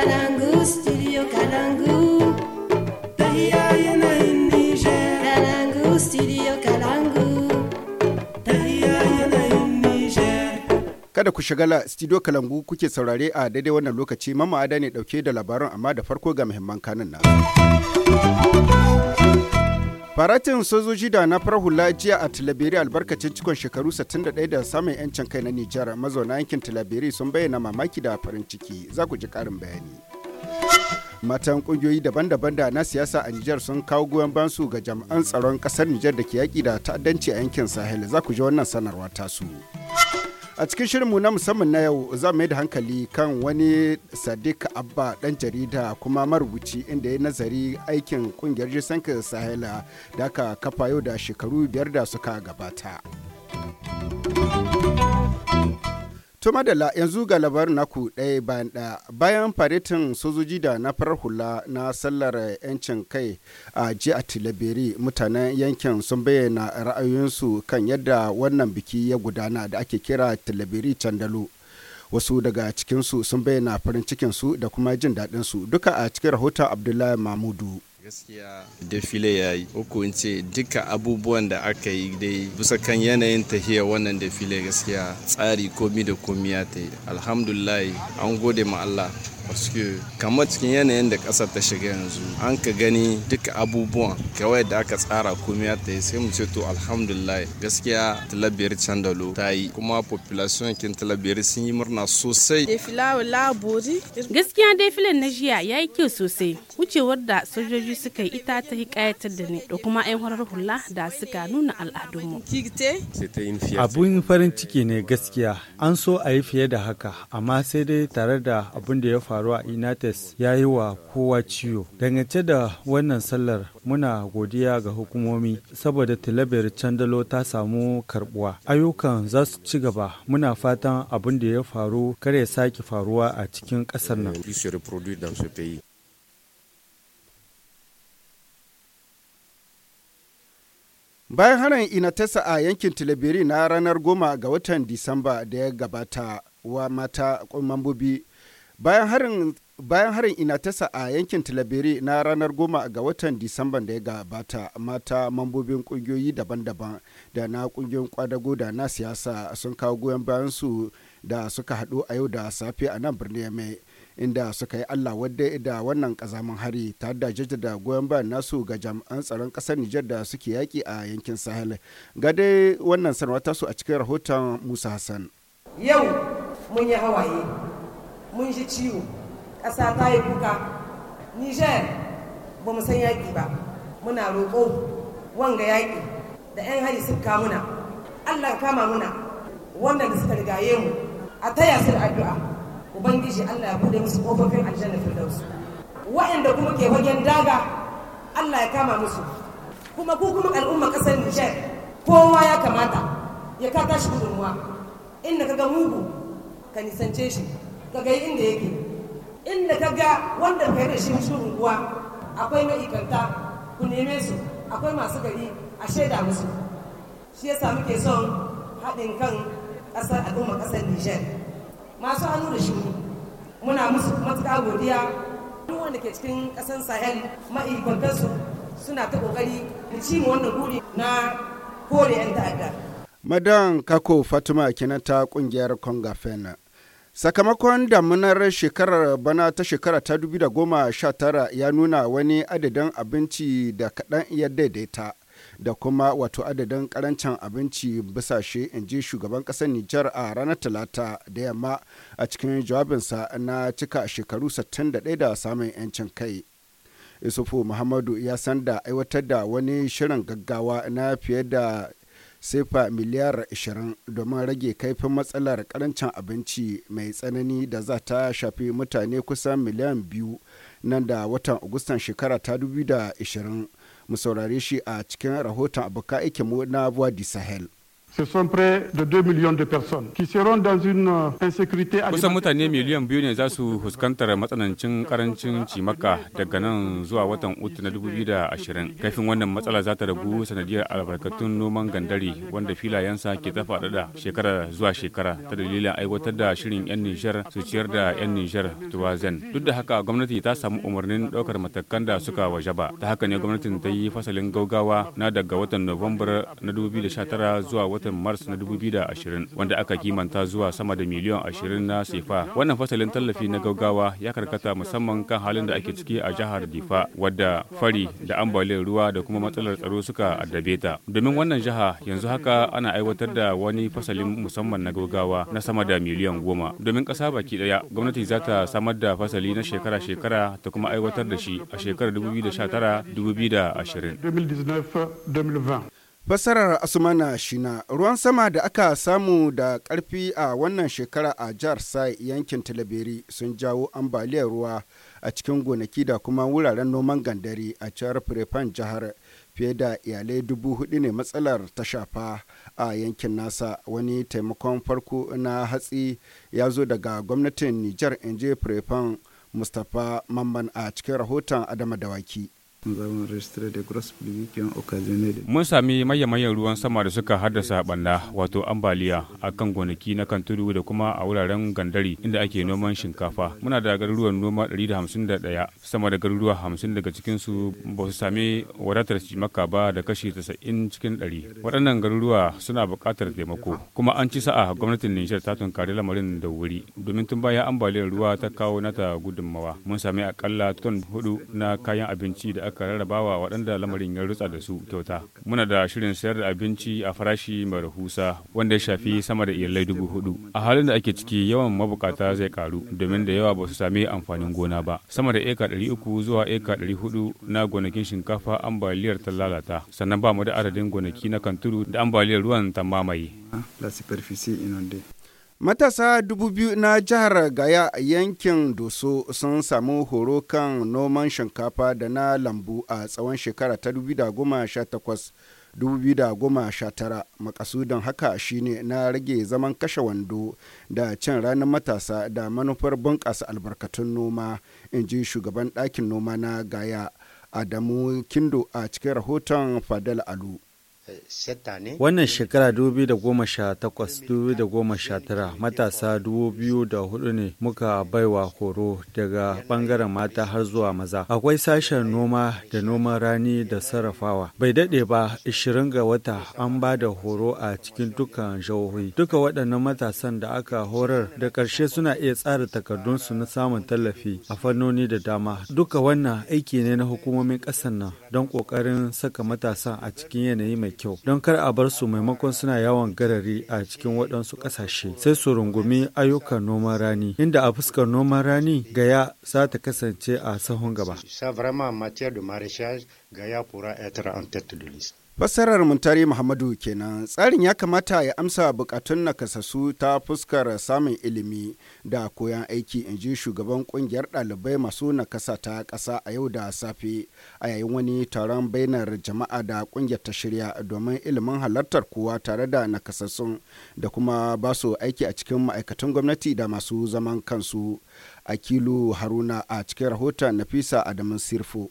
Kada ku shagala studio Kalangu kuke saurare a daidai wannan lokaci mamma ada ne dauke da labaran amma da farko ga muhimman kanin nan. Faratin sojoji da na farar hula jiya a talabiri albarkacin cikon shekaru 61 da samun 'yancin kai na Nijar mazauna yankin talabiri sun bayyana mamaki da farin ciki za ku ji karin bayani. Matan ƙungiyoyi daban-daban da na siyasa a Nijar sun kawo goyon bansu ga jami'an tsaron kasar Nijar da ke yaƙi da ta'addanci a yankin Sahel za ku ji wannan sanarwa tasu. su. A cikin shirinmu na musamman na yau za mu da hankali kan wani Sadiq Abba dan jarida kuma marubuci inda ya nazari aikin kungiyar Jisanka Sahela da aka kafa yau da shekaru biyar da suka gabata. To madalla yanzu ga labarin naku ɗaya bayan ɗaya bayan faritin sojoji da na farar hula na sallar 'yancin kai a ji a tilaberi mutanen yankin sun bayyana ra'ayoyinsu kan yadda wannan biki ya gudana da ake kira tilaberi candalo Wasu daga cikinsu sun bayyana farin cikinsu da kuma jin daɗinsu duka a cikin rahoton Abdullahi Mahmudu. gaskiya defile ya yi uku in ce duka abubuwan da aka yi dai bisa kan yanayin tahiyar wannan defile gaskiya tsari komi da komi ya ta yi alhamdulillah an gode ma Allah Paske kamar cikin yanayin da kasa ta shiga yanzu an ka gani duka abubuwan kawai da aka tsara komai ta yi sai mu ce to alhamdulillah gaskiya talabiyar candalo ta yi kuma population kin talabiyar sun yi murna sosai. Gaskiya dai na jiya ya yi kyau sosai wucewar da sojoji suka yi ita ta yi kayatar da ni da kuma ayan horar hula da suka nuna al'adunmu. Abun farin ciki ne gaskiya an so a yi fiye da haka amma sai dai tare da abun da ya faru faru a Inates ya yi wa kowa ciwo. Dangance da wannan sallar muna godiya ga hukumomi saboda talabar candalo ta samu karbuwa. Ayyukan za su ci gaba muna fatan abin da ya faru kar ya sake faruwa a cikin kasar nan. Bayan harin Inatesa a yankin Tilabiri na ranar goma ga watan Disamba da ya gabata wa mata mambobi bayan harin bayan harin a yankin talabere na ranar goma ga watan disamban da ya gabata mata mambobin kungiyoyi daban-daban da na kungiyoyin kwadago da na siyasa sun kawo goyon bayan su da suka haɗu a yau da safe a nan birnin mai inda suka yi allah wadda da wannan kazamin hari tare da jaddada goyon bayan nasu ga jami'an tsaron ƙasar nijar da suke yaki a yankin sahel ga dai wannan sanarwa tasu a cikin rahoton musa hassan yau mun yi hawaye mun ji ciwo ƙasa ta yi kuka niger ba mu san yaƙi ba muna roƙo wanga yaƙi da 'yan hari ka muna allah kama muna wannan da suka rigaye mu a taya su da addu'a ubangiji allah ya bude musu ƙofofin aljanna firdausu wa'anda kuma ke wajen daga allah ya kama musu kuma ku kuma al'umma ƙasar niger kowa ya kamata ya ka tashi gudunmuwa inda ka ga mugu ka nisance shi ka ga inda yake inda ka ga wanda ka da shi shi unguwa akwai ma'aikanta ku neme su akwai masu gari a shaida musu shi ya samu ke son haɗin kan ƙasar al'umma ƙasar Nijar masu hannu da shuni muna musu matuƙa godiya duk wanda ke cikin ƙasar Sahel ma'aikantarsu suna ta ƙoƙari da ci wannan guri na kore 'yan ta'adda. Madan Kako Fatima kenan ta ƙungiyar Konga Sakamakon damunar shekarar bana ta shekara ta 2019 ya nuna wani adadin abinci da kaɗan ya daidaita da kuma wato adadin karancin abinci bisashe in ji shugaban ƙasar Nijar a ranar Talata da yamma a cikin jawabinsa na cika shekaru 61 da samun 'yancin kai. Isufu Muhammadu ya san da aiwatar da wani shirin gaggawa na fiye da sefa miliyar 20 domin rage kaifin matsalar karancin abinci mai tsanani da za ta shafi mutane kusan miliyan biyu nan da watan agustan shekara ta 2020 mu saurare shi a cikin rahoton abokan aikinmu na buwadi sahel ce sont près de 2 millions de personnes qui seront dans une euh, insécurité kusan mutane miliyan biyu ne za su fuskantar matsanancin karancin cimaka daga nan zuwa watan uku na 2020 kafin wannan matsala za ta ragu sanadiyar albarkatun noman gandari wanda filayensa ke tafa dada shekara zuwa shekara ta dalilin aiwatar da shirin 'yan nijar su ciyar da 'yan nijar tuwazen duk da haka gwamnati ta samu umarnin ɗaukar matakan da suka waje ba ta haka ne gwamnatin ta yi fasalin gaugawa na daga watan nuwambar na 2019 zuwa watan watan Mars na 2020 wanda aka kimanta zuwa sama da miliyan 20 na sefa. Wannan fasalin tallafi na gaggawa ya karkata musamman kan halin da ake ciki a jihar Difa wadda fari da ambaliyar ruwa da kuma matsalar tsaro suka addabe ta. Domin wannan jiha yanzu haka ana aiwatar da wani fasalin musamman na gaggawa na sama da miliyan goma. Domin kasa baki ɗaya gwamnati za ta samar da fasali na shekara-shekara ta kuma aiwatar da shi a shekarar 2019-2020. fassarar Asumana Shina ruwan sama da aka samu da karfi a wannan shekara a jihar Sai yankin Talabiri sun jawo ambaliyar ruwa a cikin gonaki da kuma wuraren noman gandari a jihar Firifan jihar fiye da iyalai dubu hudu ne matsalar ta shafa a yankin nasa wani taimakon farko na hatsi ya zo daga gwamnatin Nijar Inje Firifan Mustapha Mamman a cikin rahoton Adama Dawaki. Mun sami maye-mayen ruwan sama da suka haddasa banda wato ambaliya a kan gonaki na kan tudu da kuma a wuraren gandari inda ake noman shinkafa. Muna da garuruwan noma 151 sama da garuruwa 50 daga cikinsu ba su sami wadatar cimaka ba da kashi 90 cikin 100. Waɗannan garuruwa suna buƙatar taimako kuma an ci sa'a gwamnatin Nijar ta tunkari lamarin da wuri domin tun bayan ambaliyar ruwa ta kawo nata gudunmawa. Mun sami akalla ton hudu na kayan abinci da aka rarrabawa waɗanda lamarin ya rutsa da su kyauta. Muna da shirin sayar da abinci a farashi mai rahusa wanda ya shafi sama da iyalai dubu hudu. A halin da ake ciki yawan mabukata zai karu domin da yawa ba su sami amfanin gona ba. Sama da eka ɗari uku zuwa eka ɗari hudu na gonakin shinkafa ambaliyar ta lalata. Sannan ba mu da adadin gonaki na kanturu da ambaliyar ruwan ta mamaye. Matasa dubu biyu na jihar Gaya yankin Doso sun samu horo kan noman shinkafa da na lambu a tsawon shekara ta 2018-2019. Makasudin haka shine na rage zaman kashe wando da cin ranar matasa da manufar bunƙasa albarkatun noma, in ji shugaban ɗakin noma na Gaya Adamu Kindo a cikin rahoton Fadal Alu. Wannan shekara 2018-2019 matasa 2004 ne muka baiwa horo daga bangaren mata har zuwa maza. Akwai sashen noma da noman rani da sarrafawa. Bai daɗe ba 20 ga wata an ba da horo a cikin dukkan jihohi. Duka waɗannan matasan da aka horar da ƙarshe suna iya tsara takardunsu na samun tallafi a fannoni da dama. Duka wannan aiki ne na hukumomin ƙasar nan don ƙoƙarin saka matasan a cikin yanayi mai kyau don kar a bar su maimakon suna yawon garari a cikin waɗansu ƙasashe sai su rungumi ayyukan noman rani inda a fuskar noman rani gaya za ta kasance a sahun gaba. Fassarar Muntari Muhammadu kenan tsarin ya kamata ya amsa bukatun nakasassu ta fuskar samun ilimi da koyan aiki in ji shugaban kungiyar dalibai masu nakasa ta kasa a yau da safe a yayin wani taron bainar jama'a da kungiyar ta shirya domin ilimin halartar kowa tare da nakasassun da kuma ba su aiki a cikin ma'aikatan gwamnati da masu zaman kansu. Akilu Haruna a cikin rahoton Nafisa Adamu Sirfo.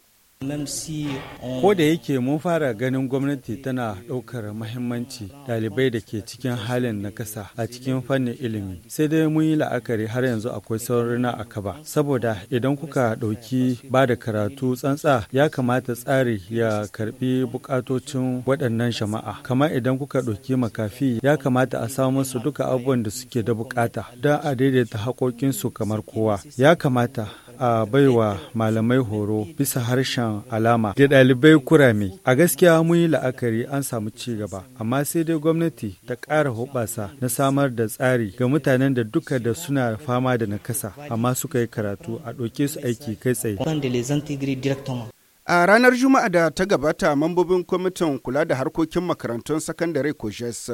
Ko da yake mun fara ganin gwamnati tana ɗaukar mahimmanci ɗalibai da ke cikin halin na kasa a cikin fannin ilimi. Sai dai mun yi la'akari har yanzu akwai saurin a kaba. Saboda idan kuka ɗauki ba da karatu tsantsa ya kamata tsari ya karbi buƙatocin waɗannan jama'a. Kamar idan kuka ɗauki makafi ya kamata a samu su duka abubuwan da suke da buƙata, don a daidaita haƙoƙinsu kamar kowa. Ya kamata a baiwa malamai horo bisa harshen alama da ɗalibai kurame. A gaskiya mun yi la'akari an samu ci gaba, amma sai dai gwamnati ta ƙara hoɓasa na samar da tsari ga mutanen da duka da suna fama da nakasa, amma suka yi karatu a ɗauke su aiki kai tsaye. A ranar Juma'a da ta gabata mambobin kwamitin kula da harkokin makarantun sakandare Kojes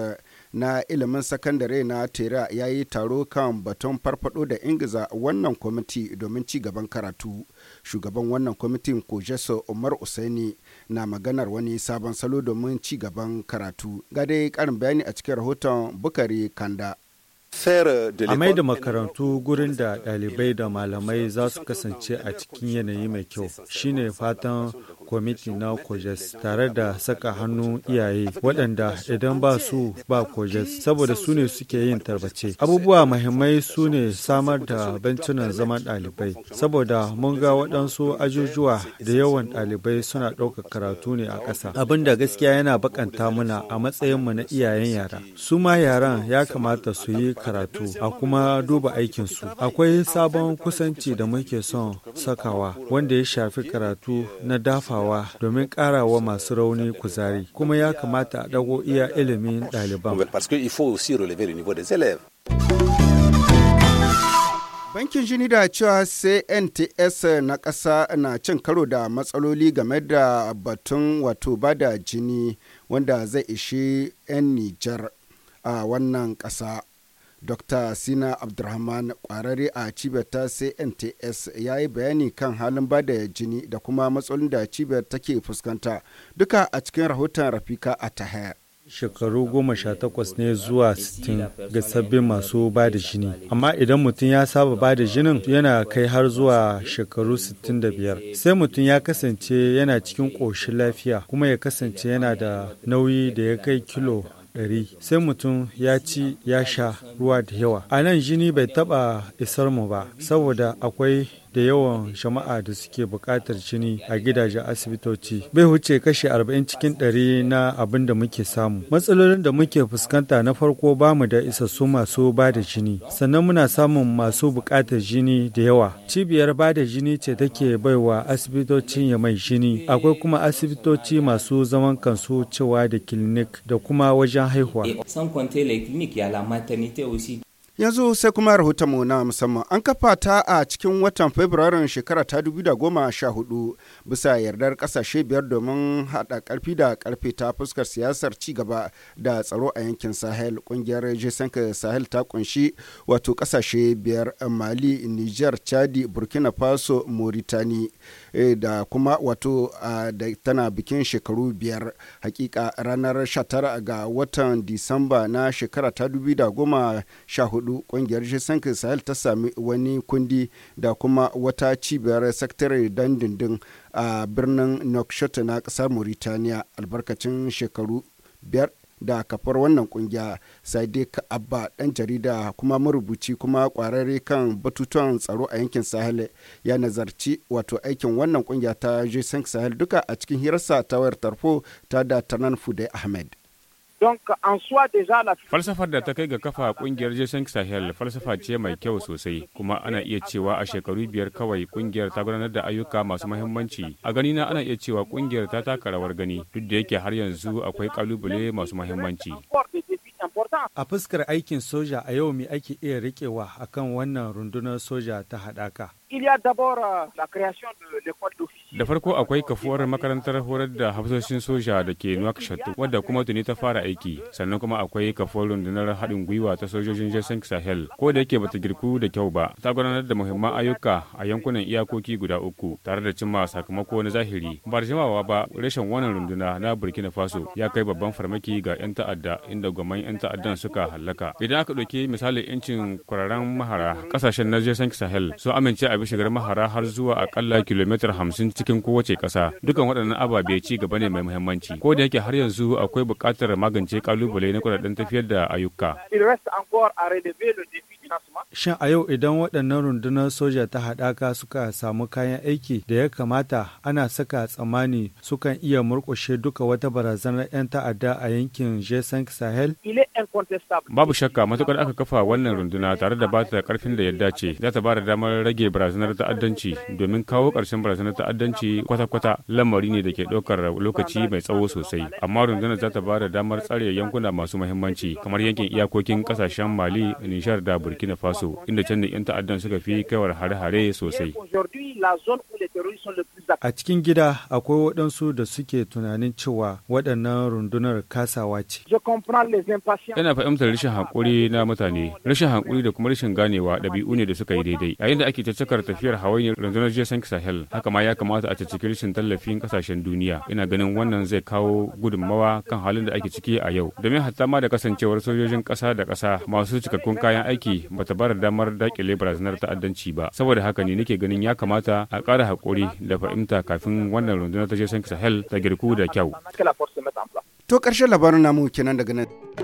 na ilimin sakandare na tera ya yi taro kan batun farfado da ingiza wannan kwamiti domin ci gaban karatu shugaban wannan kwamitin kojeso umar usaini na maganar wani sabon salo domin ci gaban karatu ga karin bayani a cikin rahoton bukari kanda A mai da makarantu gurin da ɗalibai da malamai za su kasance a cikin yanayi mai kyau shine fatan kwamiti na kojes tare da saka hannu iyaye waɗanda idan ba su ba kojes saboda su ne suke yin tarbace abubuwa mahimmai su ne samar da bencunan zaman ɗalibai saboda mun ga waɗansu ajujuwa da yawan ɗalibai suna ɗauka karatu ne a ƙasa abin da gaskiya yana bakanta muna a matsayinmu na iyayen yara su ma yaran ya kamata su yi karatu a kuma duba aikinsu akwai sabon kusanci da muke son sakawa wanda ya shafi karatu na dafawa domin karawa masu rauni kuzari kuma ya kamata a dago iya ilimin ɗaliban bankin jini da cewa nts na ƙasa na cin karo da matsaloli game da batun wato bada jini wanda zai ishi 'yan nijar a wannan ƙasa Dr. Sina Abdulrahman kwararre a cibiyar ta CNTS ya yi bayani kan halin bada jini da kuma matsalolin da cibiyar take fuskanta duka a cikin rahoton Rafika a Tahir. shekaru goma sha takwas ne zuwa sittin ga sabbin masu ba da jini amma idan mutum ya saba ba da jinin yana kai har zuwa shekaru sittin da biyar sai mutum ya kasance yana cikin ƙoshin lafiya kuma ya kasance yana da nauyi da ya kai kilo ɗari sai mutum ya ci ya sha ruwa da yawa a nan jini bai taɓa isar mu ba saboda akwai da yawan jama'a da suke buƙatar jini a gidajen asibitoci bai wuce kashi 40 cikin 100 na abin da muke samu matsalolin da muke fuskanta na farko ba mu da isassu masu ba da jini sannan muna samun masu buƙatar jini da yawa cibiyar ba da jini ce take baiwa asibitocin ya mai jini akwai kuma asibitoci masu zaman kansu cewa da kilinik da kuma wajen haihuwa Yanzu sai kuma mu na musamman an kafa ta a cikin watan Fabrairun shekara ta hudu bisa yardar kasashe biyar domin hada karfi da karfe ta fuskar siyasar ci gaba da tsaro a yankin Sahel. Ƙungiyar Jesanka Sahel ta kunshi wato ƙasashe biyar Mali, Niger, Chadi, Burkina Faso, Mauritania. Eh, da kuma wato da tana bikin shekaru biyar hakika ranar 19 ga watan disamba na shekara ta 2014 kungiyar jisankin sahel ta sami wani kundi da kuma wata cibiyar sakatare dandindin a birnin nokshot na kasar mauritania albarkacin shekaru biyar da kafar wannan kungiya sadiq abba dan jarida kuma marubuci kuma kwararre kan batutuwan tsaro a yankin sahel ya nazarci wato aikin wannan kungiya ta g sahel duka a cikin hirarsa ta wayar tarfo ta da tanan fude ahmed don an suwa deja la falsafar da ta kai ga kafa kungiyar jason sahel falsafa ce mai kyau sosai kuma ana iya cewa a shekaru biyar kawai kungiyar ta gudanar da ayyuka masu mahimmanci a gani na ana iya cewa kungiyar ta taka rawar gani duk da yake har yanzu akwai kalubale masu mahimmanci a fuskar aikin soja a yau me ake iya rikewa akan wannan rundunar soja ta haɗaka il y a d'abord euh, la création de l'école d'office Da farko akwai kafuwar makarantar horar da hafsoshin soja da ke Nouakchott wadda kuma tuni ta fara aiki sannan kuma akwai kafuwar rundunar haɗin gwiwa ta sojojin Jason Sahel ko da yake bata girku da kyau ba ta gudanar da muhimman ayyuka a yankunan iyakoki guda uku tare da cimma sakamako na zahiri ba da jimawa ba rashin wannan runduna na Burkina Faso ya kai babban farmaki ga 'yan ta'adda inda gwamman 'yan ta'addan suka hallaka idan aka ɗauki misalin 'yancin kwararren mahara ƙasashen na Jason Sahel sun amince a bi shigar mahara har zuwa akalla kilomita hamsin cikin kowace ƙasa. Dukan waɗannan ababe ci gaba ne mai muhimmanci. Ko da yake har yanzu akwai buƙatar magance kalubale na kudaden tafiyar da ayyuka. Shin a yau idan waɗannan rundunar soja ta haɗaka suka samu kayan aiki da ya kamata ana saka tsammani sukan iya murƙushe duka wata barazanar 'yan ta'adda a yankin jesang Sahel? Babu shakka matukar aka kafa wannan runduna tare da bata karfin da ya dace za ta bada damar rage barazanar ta'addanci domin kawo ƙarshen barazanar ta'addanci kwata-kwata lamari ne da ke ɗaukar lokaci mai tsawo sosai amma rundunar za ta bada damar tsare yankuna masu muhimmanci kamar yankin iyakokin ƙasashen Mali, Nishar da Burkina. burkina faso inda can 'yan ta'addan suka fi kaiwar hare-hare sosai a cikin gida akwai waɗansu da suke tunanin cewa waɗannan rundunar kasawa ce yana fahimtar rashin hankuri na mutane rashin hankuri da kuma rashin ganewa ɗabi'u ne da suka yi daidai yayin da ake caccakar tafiyar hawaii rundunar jason sahel haka ma ya kamata a caccaki rashin tallafin ƙasashen duniya ina ganin wannan zai kawo gudummawa kan halin da ake ciki a yau domin hatta ma da kasancewar sojojin ƙasa da ƙasa masu cikakkun kayan aiki bata bar damar dakile barazanar ta'addanci ba saboda haka ne nake ganin ya kamata a ƙara haƙuri da fahimta kafin wannan rundunar ta je sahel ta girku da kyau to ƙarshen labarin namu kenan daga nan